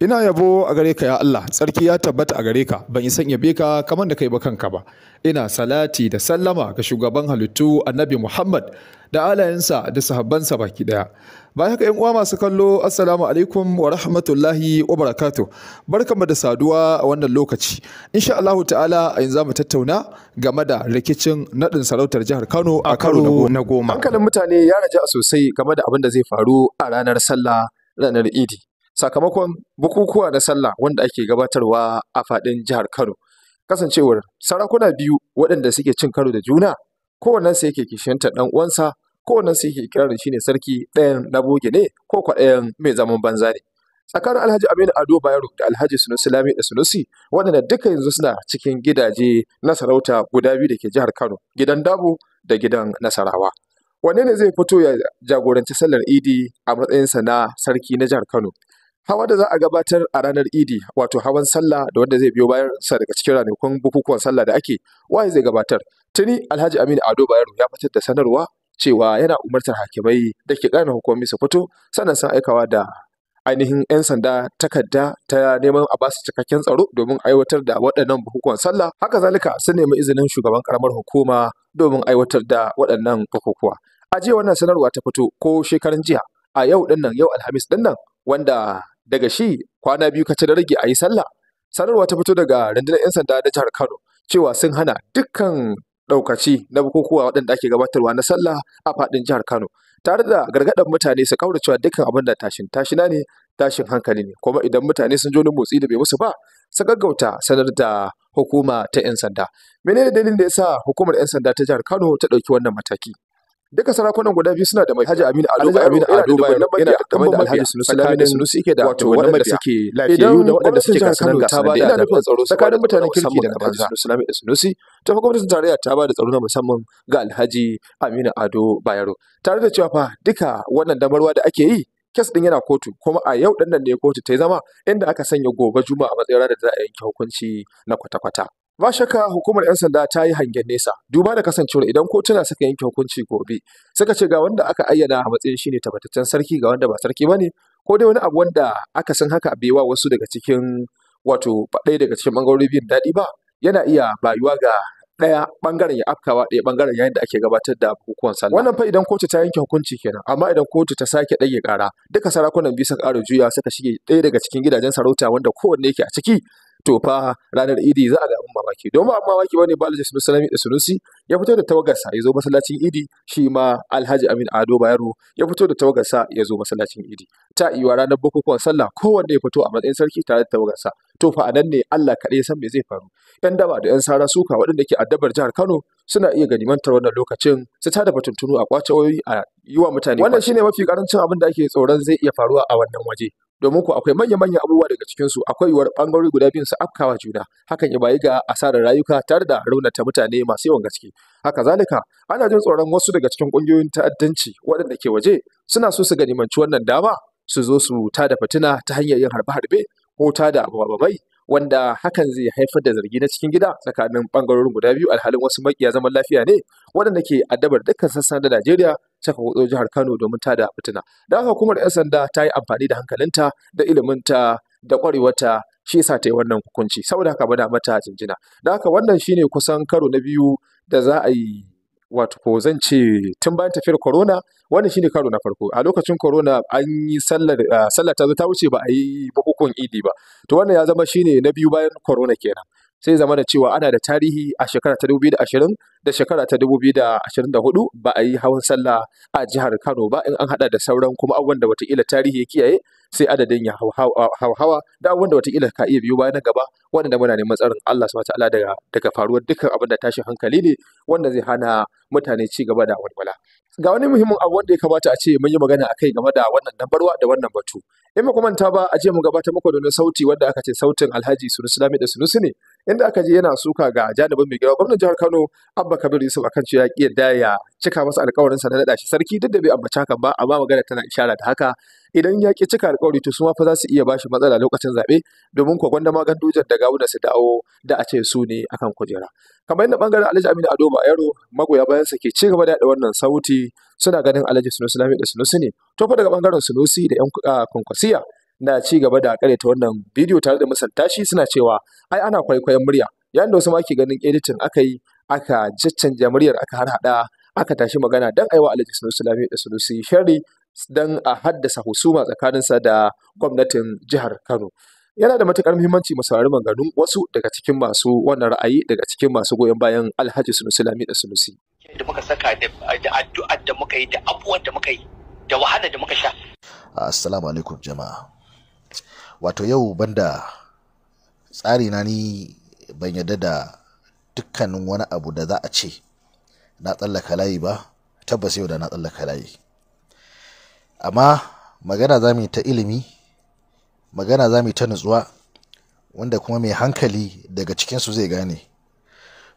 ina yabo a gare ka ya Allah tsarki ya tabbata a gare ka ban isan yabe ka kamar da kai ba kanka ba ina salati da sallama ga shugaban halittu annabi Muhammad da alayensa da sahabbansa baki daya ba haka yan uwa masu kallo assalamu alaikum wa rahmatullahi wa barakatuh barkamu da saduwa a wannan lokaci insha Allah ta'ala a yanzu mu tattauna game da rikicin nadin sarautar jihar Kano a karo na goma hankalin mutane ya raja sosai game da abin da zai faru a ranar sallah ranar Idi sakamakon bukukuwa na sallah wanda ake gabatarwa a faɗin jihar Kano. Kasancewar sarakuna biyu waɗanda suke cin karo da juna, sai yake kishinta dan uwansa, kowannensu yake kirarin shine sarki ɗayan na boge ne ko kwa ɗayan mai zaman banza ne. Tsakanin Alhaji Aminu Ado Bayero da Alhaji Sunusi Lami da Sunusi waɗanda duka yanzu suna cikin gidaje na sarauta guda biyu da ke jihar Kano, gidan Dabo da gidan Nasarawa. Wanne ne zai fito ya jagoranci sallar Idi a matsayinsa na sarki na jihar Kano? hawa da za a gabatar a ranar idi wato hawan sallah da wanda zai biyo bayan sa daga cikin ranakun bukukuwan sallah da ake waye zai gabatar tuni alhaji aminu ado bayero ya fitar da sanarwa cewa yana umartar hakimai da ke ƙarin hukumomi su fito sannan sun aikawa da ainihin 'yan sanda takarda ta neman a basu cikakken tsaro domin aiwatar da waɗannan bukukuwan sallah haka zalika sun nemi izinin shugaban karamar hukuma domin aiwatar da waɗannan bukukuwa a jiya wannan sanarwa ta fito ko shekaran jiya a yau din nan yau alhamis din nan wanda daga shi kwana biyu ka kace da rage a yi sallah sanarwa ta fito daga rundunar 'yan sanda na jihar kano cewa sun hana dukkan ɗaukaci na bukukuwa waɗanda ake gabatarwa na sallah a faɗin jihar kano tare da gargaɗin mutane su cewa dukkan abin da tashin tashina ne tashin hankali ne kuma idan mutane sun jo motsi da bai musu ba su gaggauta sanar da hukuma ta 'yan sanda menene dalilin da yasa hukumar 'yan sanda ta jihar kano ta ɗauki wannan mataki duka sarakunan guda biyu suna da mai Haji Aminu Ado Bayero Aminu Ado Bayero yana da kamar da Alhaji Sunusi Lamine Sunusi yake da wato waɗanda suke lafiyayyu da waɗanda suke ga sanan gasa da ina nufin tsaro tsakanin mutanen kirki da Alhaji Sunusi Lamine da Sunusi ta fi gwamnatin tarayya ta ba da tsaro na musamman ga Alhaji Aminu Ado Bayero tare da cewa fa duka wannan damarwa da ake yi kes din yana kotu kuma a yau ɗannan ne kotu ta yi zama inda aka sanya gobe juma'a a matsayin ranar da za a yanke hukunci na kwata-kwata Ba shakka hukumar 'yan sanda ta yi hangen nesa, duba da kasancewar idan kotuna suka yanke hukunci gobe, suka ce ga wanda aka ayyana a matsayin shine tabbataccen sarki ga wanda ba sarki bane, ko dai wani abu wanda aka san haka bai wa wasu daga cikin wato ɗaya daga cikin ɓangarori biyun daɗi ba, yana iya bayuwa ga ɗaya ɓangaren ya afkawa ɗaya ɓangaren yayin da ake gabatar da bukukuwan sallah. Wannan fa idan kotu ta yanke hukunci kenan, amma idan kotu ta sake ɗage ƙara, duka sarakunan biyu suka ƙara juya suka shige ɗaya daga cikin gidajen sarauta wanda kowanne yake a ciki to fa ranar idi za a ga abin mamaki don ba mamaki bane ba alhaji sunu salami da sunusi ya fito da tawagarsa ya zo masallacin idi shi ma alhaji amin ado bayero ya fito da tawagarsa ya zo masallacin idi ta iwa ranar bukukuwan sallah kowanne ya fito a matsayin sarki tare da tawagarsa to fa a ne Allah kaɗai san me zai faru yan daba da yan sara suka waɗanda ke addabar jihar Kano suna iya ganimantar wannan lokacin su tada batuntunu a kwace wayoyi a yi wa mutane wannan shine mafi karancin abin da ake tsoron zai iya faruwa a wannan waje domin ku akwai manya-manyan abubuwa daga cikinsu akwai yiwuwar ɓangarori guda biyun su afkawa juna hakan ya bayi ga asarar rayuka tare da raunata mutane masu yawan gaske haka zalika ana jin tsoron wasu daga cikin ƙungiyoyin ta'addanci waɗanda ke waje suna so su ganimanci wannan dama su zo su tada fitina ta hanyar yin harbe-harbe ko tada ababai wanda hakan zai haifar da zargi na cikin gida tsakanin bangarorin guda biyu alhalin wasu makiya zaman lafiya ne waɗanda ke addabar dukkan sassan da Najeriya suka hoto jihar Kano domin da fitina. Da haka hukumar 'yan sanda ta yi amfani da hankalinta da iliminta da ƙwarewarta shi yasa ta yi wannan hukunci saboda haka bana mata jinjina. Da haka wannan shine kusan karo na biyu da za a yi wato ko zan ce tun bayan tafiyar corona wannan shine karo na farko a lokacin corona an yi sallar ah, sallar ta zo ta wuce ba a yi bukukuwan idi ba to wannan ya zama shine na biyu bayan corona kenan sai zama da cewa ana da tarihi a shekara ta biyu da da shekara ta dubu da da ashirin hudu, ba a yi hawan sallah a jihar Kano ba in an hada da sauran kuma abubuwan da watakila tarihi ya kiyaye sai adadin ya hauhawa da abubuwan da watakila ka iya biyo bayan gaba wanda muna neman tsarin Allah subhanahu wataala daga daga faruwar dukkan abin da tashin hankali ne wanda zai hana mutane ci gaba da walwala ga wani muhimmin abu wanda ya kamata a ce mun yi magana a kai game da wannan dambarwa da wannan batu in ba ta ba a je mu gabatar muku da wani sauti wanda aka ce sautin alhaji sunusulami da sunusu ne inda aka je yana suka ga janibin mai gida gwamnan jihar Kano Abba Kabir Yusuf akan cewa ya ya cika masa sa na nada shi sarki duk da bai ambaci hakan ba amma magana tana isharar da haka idan ya ki cika alƙawari to su ma fa za su iya bashi matsala lokacin zabe domin ko gwanda ma gandujan da da su dawo da a ce su ne akan kujera kamar yadda bangaren Alhaji Aminu Ado ba yaro magoya sa ke ci gaba da wannan sauti suna ganin Alhaji Sunusi Lami da Sunusi ne to fa daga bangaren Sunusi da 'yan ah, kwankwasiya na ci gaba da ta wannan bidiyo tare da musanta shi suna cewa ai ana kwaikwayon murya yayin da wasu ma ke ganin editing aka yi aka caccanja muryar aka harhaɗa aka tashi magana don aiwa alhaji sanusi sulami da sanusi sharri don a haddasa husuma tsakaninsa da gwamnatin jihar kano yana da matuƙar muhimmanci mu saurari maganganun wasu daga cikin masu wannan ra'ayi daga cikin masu goyon bayan alhaji sunusi lami da sunusi da muka saka da addu'ar da muka yi da abubuwan da muka yi da wahala da muka sha assalamu alaikum jama'a wato yau banda tsari na ni ban yarda da dukkanin wani abu da za a ce na tsallaka layi ba tabbas yau da na tsallaka layi amma magana za mu ta ilimi magana za mu ta nutsuwa wanda kuma mai hankali daga cikinsu zai gane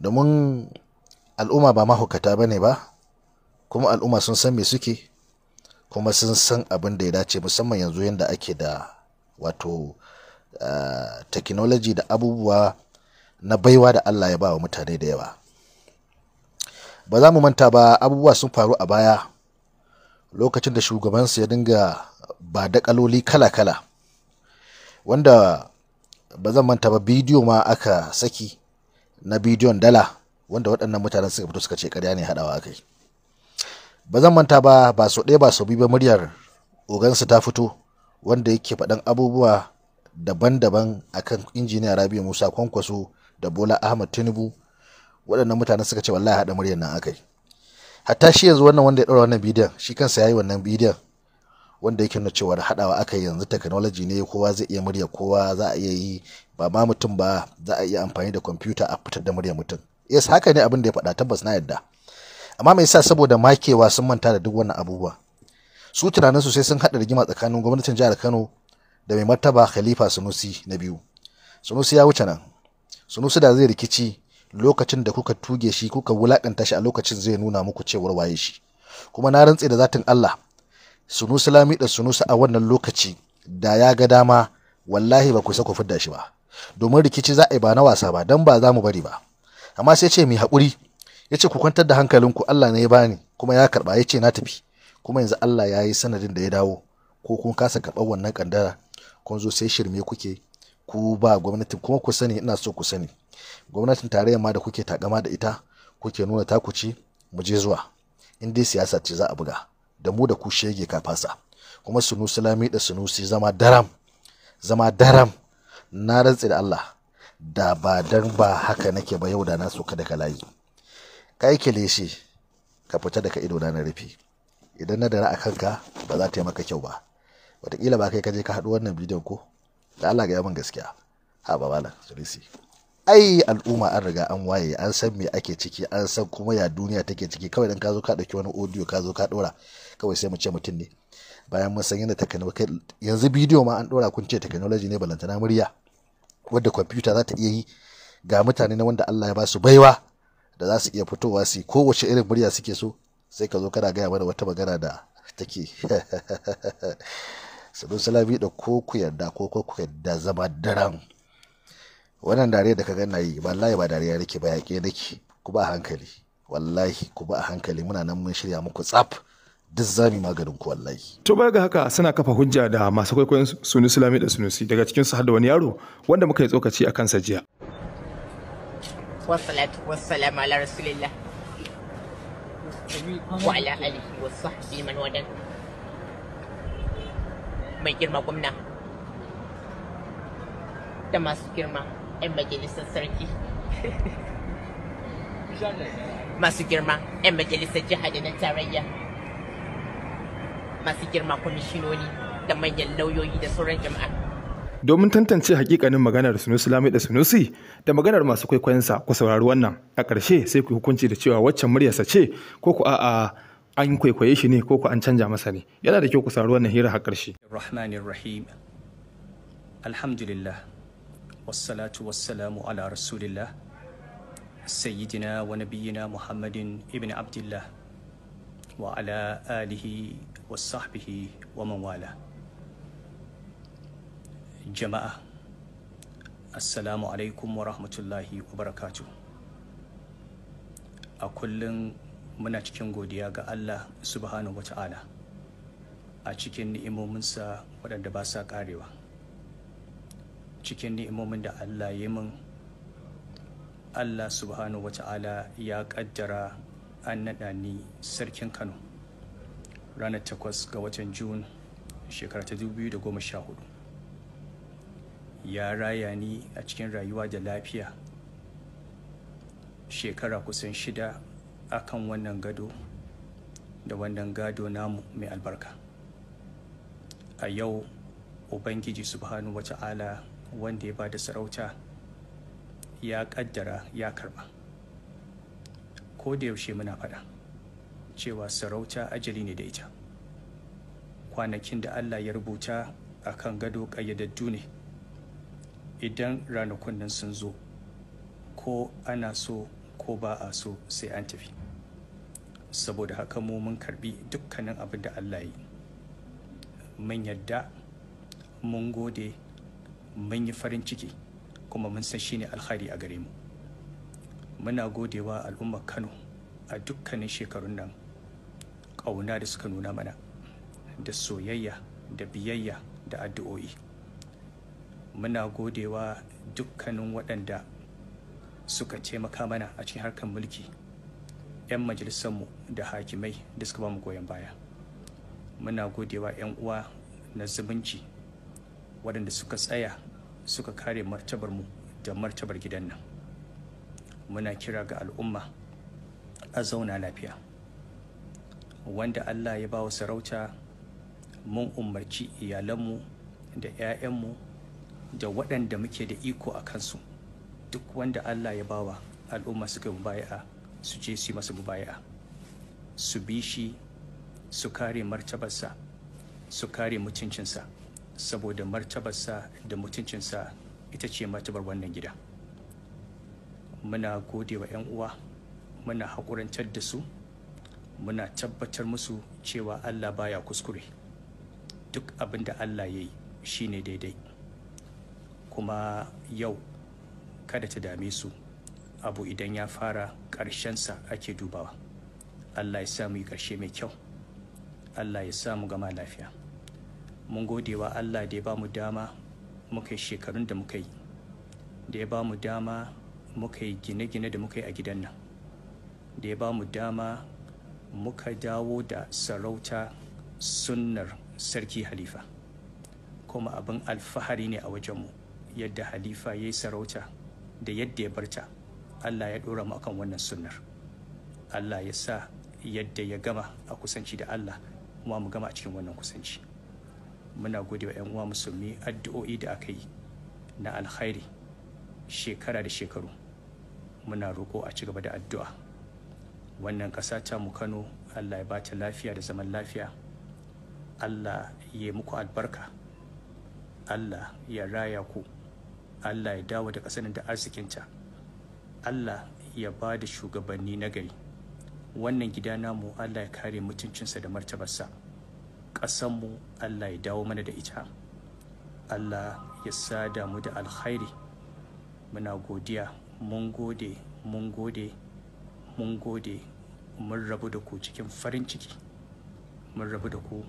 domin al'umma ba mahukata ba ne ba kuma al'umma sun san me suke kuma sun san abin da ya dace musamman yanzu yadda ake da wato uh, technology da abubuwa na baiwa da Allah ya ba wa mutane da yawa ba za mu manta ba abubuwa sun faru a baya lokacin da shugabansu ya dinga ba da kaloli kala-kala wanda ba zan manta ba bidiyo ma aka saki na bidiyon dala wanda waɗannan mutanen suka fito suka ce karya ne haɗawa aka yi ba zan manta ba ba so ɗaya ba so biyu ba muryar ogansu ta fito wanda yake faɗan abubuwa daban-daban akan injiniya rabi musa kwankwaso da bola ahmad tinubu waɗannan mutane suka ce wallahi haɗa muryar nan aka yi. hatta shi yanzu wannan wanda ya ɗaura wannan bidiyon shi kansa ya yi wannan bidiyon wanda yake nuna cewa haɗawa aka yanzu technology ne kowa zai iya murya kowa za a iya yi ba ma mutum ba za a iya amfani da kwamfuta a fitar da murya mutum yes haka ne abin da ya faɗa tabbas na yadda amma me yasa saboda makewa sun manta da duk wannan abubuwa su tunanin su sai sun haɗa rigima tsakanin gwamnatin jihar Kano da mai martaba Khalifa Sunusi na biyu Sunusi ya wuce nan Sunusi da zai rikici lokacin da kuka tuge shi kuka wulakanta shi a lokacin zai nuna muku cewar waye shi kuma na rantse da zatin Allah Sunusi Lami da Sunusi a wannan lokaci da ya ga dama wallahi ba ku sa ku fidda shi ba domin rikici za a yi ba na wasa ba dan ba za mu bari ba amma sai ce mai hakuri? ya ce ku kwantar da hankalinku Allah ne ya bani kuma ya karɓa ya ce na tafi kuma yanzu Allah ya yi sanadin da ya dawo ko kun kasa karɓar wannan kandara kun zo sai shirme kuke ku ba gwamnatin kuma ku sani ina so ku sani gwamnatin tarayya ma da kuke takama da ita kuke nuna takuci mu je zuwa in dai siyasa ce za a buga da mu da ku shege kafasa kuma sunusi lami da sunusi zama daram zama daram na rantsi da Allah da ba dan ba haka nake ba yau da na so ka layi kai kile shi ka fita daga ido na rufe idan na dara a kanka ba za ta yi maka kyau ba wataƙila ba kai ka je ka hadu wannan bidiyon ko da Allah ga yamin gaskiya ha ba malam ai al'umma an riga an waye an san me ake ciki an san kuma ya duniya take ciki kawai dan ka zo ka dauki wani audio ka zo ka dora kawai sai mu ce mutum ne bayan mun san yadda technology yanzu bidiyo ma an dora kun ce technology ne balantana murya wadda kwamfuta za ta iya yi ga mutane na wanda Allah ya ba su baiwa da za su iya fitowa su kowace irin murya suke so sai ka zo kana gaya mana wata magana da take sanu salami da ko ku yarda ko ku yarda zama daren wannan dare da ka ga na yi wallahi ba dariya nake ba yaƙe nake ku ba hankali wallahi ku ba hankali muna nan mun shirya muku tsaf duk zami maganin ku wallahi. To baya ga haka suna kafa hujja da masu kwaikwayon sunu sulami da sunusi daga cikin su da wani yaro wanda muka yi tsokaci a kansa jiya. Wassalatu wassalamu ala rasulillah. وعلى آله وصحبه من wadan. mai girma gwamna da masu girma 'yan majalisar sarki masu girma 'yan majalisar jiha da na tarayya masu girma kwamishinoni da manyan lauyoyi da sauran jama'a Domin tantance hakikanin maganar Sunusi Lamai da Sunusi da maganar masu kwaikwayonsa ku saurari wannan a ƙarshe sai ku hukunci da cewa waccan muryarsa ce ko ku a'a an kwaikwaye shi ne ko ku an canja masa ne yana da kyau ku saurari wannan hira a ƙarshe. Rahmanir Rahim Alhamdulillah wassalatu wassalamu ala rasulillah sayyidina wa nabiyyina Muhammadin ibn Abdullah wa ala alihi wa sahbihi wa man wala. jama'a assalamu alaikum wa rahmatullahi wa barakatu a kullum muna cikin godiya ga allah subhanahu wa ta'ala a cikin ni'imominsa waɗanda ba sa ƙarewa cikin ni'imomin da allah ya min allah subhanahu wa ta'ala ya ƙaddara an naɗa ni sarkin kano ranar 8 ga watan Jun shekara ta 2014 ya raya ni a cikin rayuwa da lafiya shekara kusan shida akan wannan gado da wannan gado namu mai albarka a yau ubangiji subhanahu wata'ala wanda ya ba da sarauta ya kaddara ya karba ko da yaushe muna faɗa cewa sarauta ajali ne da ita kwanakin da allah ya rubuta a kan gado ƙayyadaddu ne idan ranakun nan sun zo ko ana so ko ba a so sai an tafi saboda haka mu mun karbi dukkanin abin da allah yi mun yadda mun gode mun yi farin ciki kuma mun san shine alkhairi a gare mu muna godewa al'ummar kano a dukkanin shekarun nan ƙauna da suka nuna mana da soyayya da biyayya da addu'o'i muna godewa dukkanin waɗanda suka taimaka mana a cikin harkar mulki 'yan majalisarmu da hakimai da suka ba mu goyon baya muna godewa 'yan uwa na zumunci waɗanda suka tsaya suka kare martabarmu da martabar gidan nan muna kira ga al'umma a zauna lafiya wanda allah ya ba wa sarauta mun umarci iyalanmu da 'ya'yanmu da waɗanda muke da iko a kansu duk wanda Allah ya bawa al'umma suka mubaya'a su je su masa mubaya'a su bi shi su kare martabarsa su kare mutuncinsa saboda martabarsa da mutuncinsa ita ce martabar wannan gida muna gode wa 'yan uwa muna haƙurantar da su muna tabbatar musu cewa allah baya kuskure duk abin da allah ya yi shine daidai kuma yau kada ta dame su abu idan ya fara ƙarshensa ake dubawa allah ya samu yi ƙarshe mai kyau allah ya samu gama lafiya mun gode wa allah da ya ba mu dama muka yi shekarun da muka yi da ya ba mu dama muka yi gine-gine da muka yi a gidan nan da ya ba mu dama muka dawo da sarauta sunnar sarki halifa kuma abin alfahari ne a wajenmu yadda halifa ya yi sarauta da yadda ya barta allah ya ɗora mu akan wannan sunnar allah ya sa yadda ya gama a kusanci da allah kuma mu gama a cikin wannan kusanci muna gode wa 'yan uwa musulmi addu'o'i da aka yi na alkhairi shekara da shekaru muna roƙo a ci gaba da addu'a wannan ƙasa ta mu kano allah ya ba ta lafiya da zaman lafiya allah ya muku albarka allah ya raya ku Allah ya dawo da ƙasar da arzikinta Allah ya ba da shugabanni na gari wannan gida namu Allah ya kare mutuncinsa da martabarsa ƙasanmu Allah ya dawo mana da ita Allah ya sada mu da alkhairi muna godiya mun gode mun gode mun gode mun rabu da ku cikin farin ciki mun rabu da ku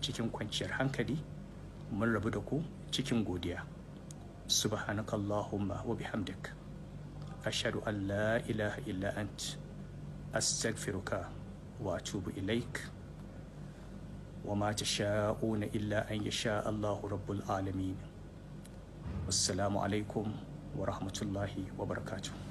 cikin kwanciyar hankali mun rabu da ku cikin godiya سبحانك اللهم وبحمدك أشهد أن لا إله إلا أنت أستغفرك وأتوب إليك وما تشاءون إلا أن يشاء الله رب العالمين والسلام عليكم ورحمة الله وبركاته